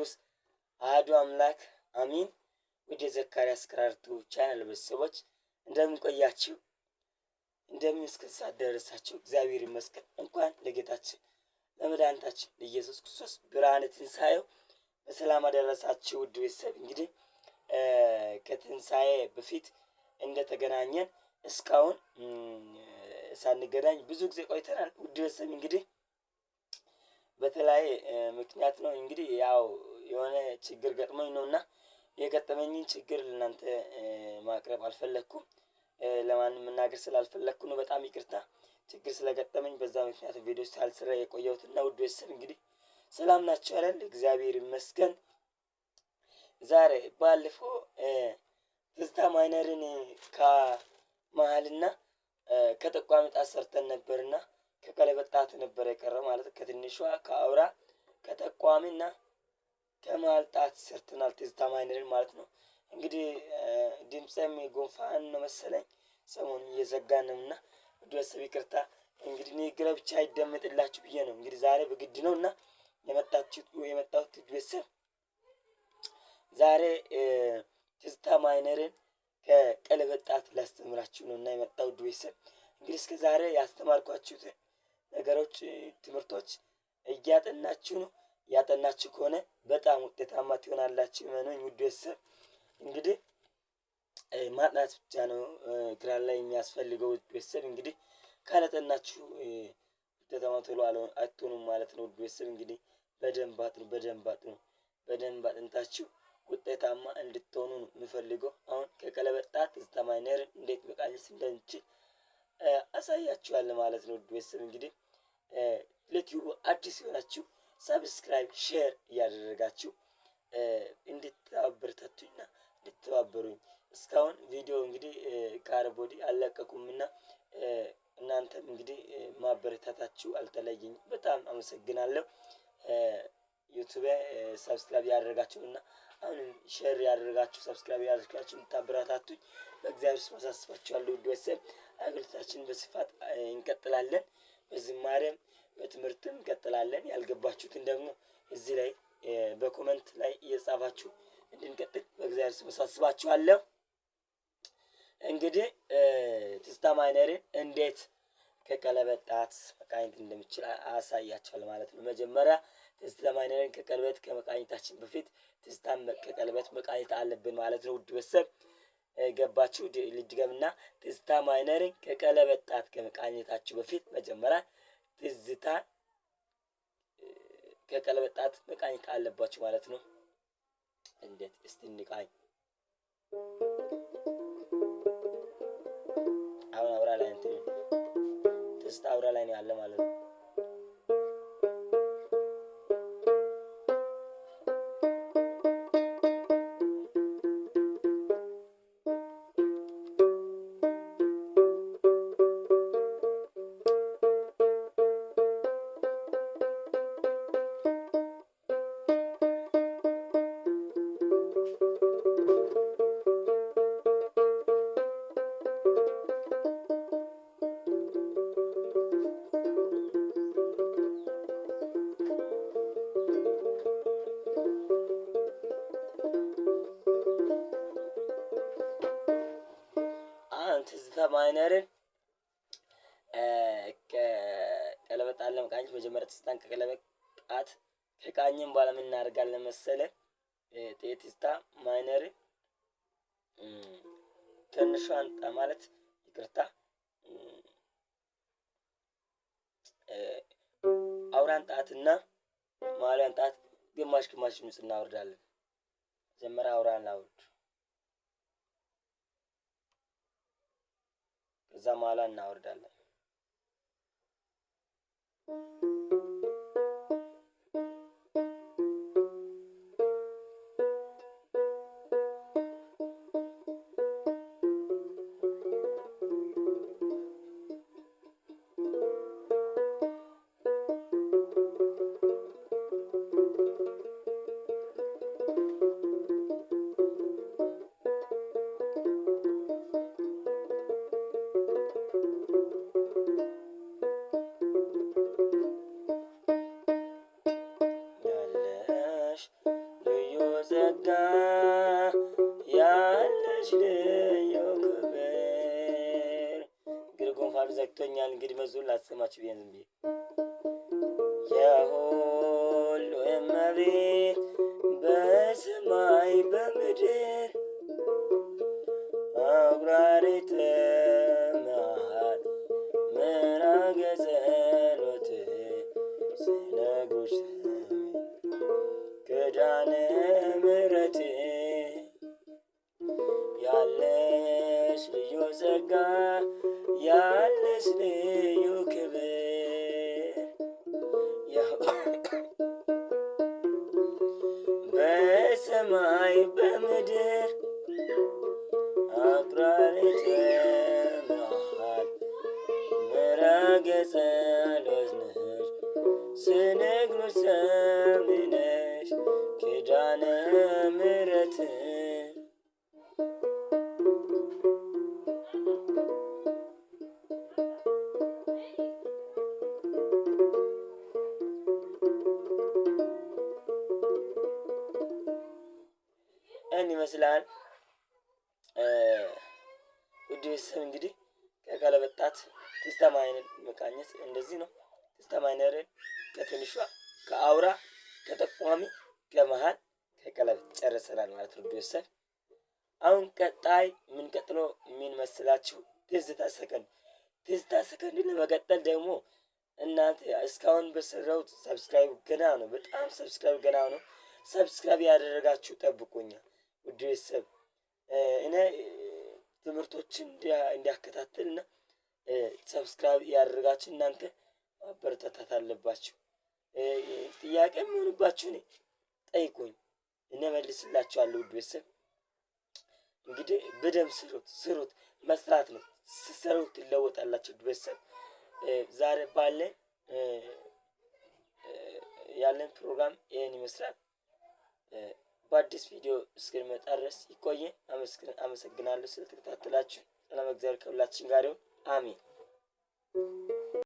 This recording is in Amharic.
ቅዱስ አህዱ አምላክ አሚን። ወደ ዘካርያስ ክራር ቲዩብ ቻናል ቤተሰቦች እንደምንቆያችሁ እንደምን እስከ ሰዓት ደረሳችሁ? እግዚአብሔር ይመስገን። እንኳን ለጌታችን ለመድኃኒታችን ለኢየሱስ ክርስቶስ ብርሃነ ትንሣኤው በሰላም አደረሳችሁ። ውድ ቤተሰብ እንግዲህ ከትንሣኤ በፊት እንደተገናኘን እስካሁን ሳንገናኝ ብዙ ጊዜ ቆይተናል። ውድ ቤተሰብ እንግዲህ በተለያየ ምክንያት ነው እንግዲህ ያው የሆነ ችግር ገጥሞኝ ነው እና የገጠመኝን ችግር ለእናንተ ማቅረብ አልፈለኩም ለማንም መናገር ስላልፈለኩ ነው። በጣም ይቅርታ ችግር ስለገጠመኝ በዛ ምክንያት ቪዲዮ ሳልሰራ የቆየሁት እና ውድ ቤተሰብ እንግዲህ ሰላም ናችሁ አይደል? እግዚአብሔር ይመስገን። ዛሬ ባለፈው ትዝታ ማይነርን ከመሃልና ከጠቋሚ ጣት ሰርተን ነበርና ከቀለበት ጣት ነበር የቀረው ማለት ከትንሿ ከአውራ ከጠቋሚና ከማልጣት ሰርተናል ትዝታ ማይነርን ማለት ነው። እንግዲህ ድምፄም ጉንፋን ነው መሰለኝ ሰሞኑ እየዘጋ ነው እና ድረሰብ ይቅርታ እንግዲህ ንግግሬ ብቻ ይደመጥላችሁ ብዬ ነው እንግዲህ ዛሬ በግድ ነው እና የመጣችሁ የመጣሁት ቤተሰብ ዛሬ ትዝታ ማይነርን ከቀለበት ጣት ላስተምራችሁ ነው እና የመጣው ቤተሰብ እንግዲህ እስከ ዛሬ ያስተማርኳችሁትን ነገሮች ትምህርቶች እያጠናችሁ ነው እያጠናችሁ ከሆነ በጣም ውጤታማ ትሆናላችሁ። እመኑኝ ውድ ቤተሰብ እንግዲህ ማጥናት ብቻ ነው ግራን ላይ የሚያስፈልገው። ውድ ቤተሰብ እንግዲህ ካላጠናችሁ ውጤታማ ቶሎ አትሆኑም ማለት ነው። ውድ ቤተሰብ እንግዲህ በደንብ አጥኑ፣ በደንብ አጥኑ፣ በደንብ አጥንታችሁ ውጤታማ እንድትሆኑ ነው የምፈልገው። አሁን ከቀለበት ጣት እንዴት መቃኘት እንደሚችል አሳያችኋል ማለት ነው። ውድ ቤተሰብ እንግዲህ ለቲዩቡ አዲስ የሆናችሁ ሰብስክራይብ፣ ሼር እያደረጋችሁ እንድትተባበርታቱኝና እንድትተባበሩኝ እስካሁን ቪዲዮ እንግዲህ ከአረብ ወዲህ አልለቀቁምና እናንተም እንግዲህ ማበረታታችሁ አልተለየኝም። በጣም አመሰግናለሁ። ዩቱቤ ሰብስክራይብ ያደረጋችሁ እና አሁንም ሼር ያደረጋችሁ ሰብስክራይብ ያደረጋችሁ እንድታበረታቱኝ በእግዚአብሔር ስም አሳስባችኋለሁ። ውድ ቤተሰብ አገልግሎታችን በስፋት እንቀጥላለን። በዝማሬም በትምህርትም እንቀጥላለን። ያልገባችሁትን ደግሞ እዚህ ላይ በኮመንት ላይ እየጻፋችሁ እንድንቀጥል በእግዚአብሔር ስም አሳስባችኋለሁ። እንግዲህ ትዝታ ማይነርን እንዴት ከቀለበት ጣት መቃኘት እንደምችል አሳያችኋል ማለት ነው። መጀመሪያ ትዝታ ማይነርን ከቀለበት ከመቃኘታችን በፊት ትዝታን ከቀለበት መቃኘት አለብን ማለት ነው። ውድ ቤተሰብ ገባችሁ። ልድገምና ትዝታ ማይነርን ከቀለበት ጣት ከመቃኘታችሁ በፊት መጀመሪያ ትዝታ ከቀለበት ጣት መቃኘት አለባችሁ ማለት ነው። እንዴት እስቲ እንቃኝ። አሁን አውራ ላይ እንትን ትዝታ አውራ ላይ ነው ያለ ማለት ነው። አሁን ትዝታ ማይነርን ቀለበት አለም ቃኝ መጀመሪያ ትዝታን ከቀለበት ቃት ከቃኝም በኋላ ምን እናደርጋለን መሰለ ትዝታ ማይነር ትንሿን ማለት ይቅርታ አውራን ጣትና ማዋሊያን ጣት ግማሽ ግማሽ ድምፅ እናወርዳለን። መጀመሪያ አውራን ላውርድ እዛ መኋላ እናወርዳለን። ቦታ ያለሽ ልዩ ክብር ዘግቶኛል። እንግዲህ መዝሙር ላሰማችሁ ብዬ ዝም ብዬ የሁሉ እመቤት በሰማይ በምድር አጉራሪት መዓት ምዕራገ ጸሎት ስነግሮች ምህረት ያለሽ ልዩ ጸጋ ያለሽ ልዩ ክብር በሰማይ በምድር አብራሪት ስትል እን ይመስላል። ውድ ቤተሰብ እንግዲህ ከቀለበጣት ትዝታ ማይነር መቃኘት እንደዚህ ነው። ትዝታ ከትንሿ ከአውራ ከጠቋሚ ከመሀል ከቀለም ጨርሰናል ማለት ነው። ቤተሰብ አሁን ቀጣይ የምንቀጥለው ምን መስላችሁ? ትዝታ ሰከንድ። ትዝታ ሰከንድ ለመቀጠል ደግሞ እናንተ እስካሁን በሰራሁት ሰብስክራይብ ገና ነው። በጣም ሰብስክራይብ ገና ነው። ሰብስክራይብ ያደረጋችሁ ጠብቁኛል ውድ ቤተሰብ እኔ ትምህርቶችን እንዲያከታተል እና ሰብስክራይብ ያደረጋችሁ እናንተ ማበረታታት አለባችሁ። ጥያቄ የሚሆንባችሁ እኔ ጠይቁኝ። እመልስላችኋለሁ ውድ ቤተሰብ። እንግዲህ በደንብ ስሩት ስሩት፣ መስራት ነው። ስሰሩት ትለወጣላችሁ ውድ ቤተሰብ። ዛሬ ባለ ያለን ፕሮግራም ይህን ይመስላል። በአዲስ ቪዲዮ እስክንመጣ ድረስ ይቆየ። አመሰግናለሁ ስለተከታተላችሁ። ሰላም፣ እግዚአብሔር ከሁላችን ጋር ይሁን። አሜን።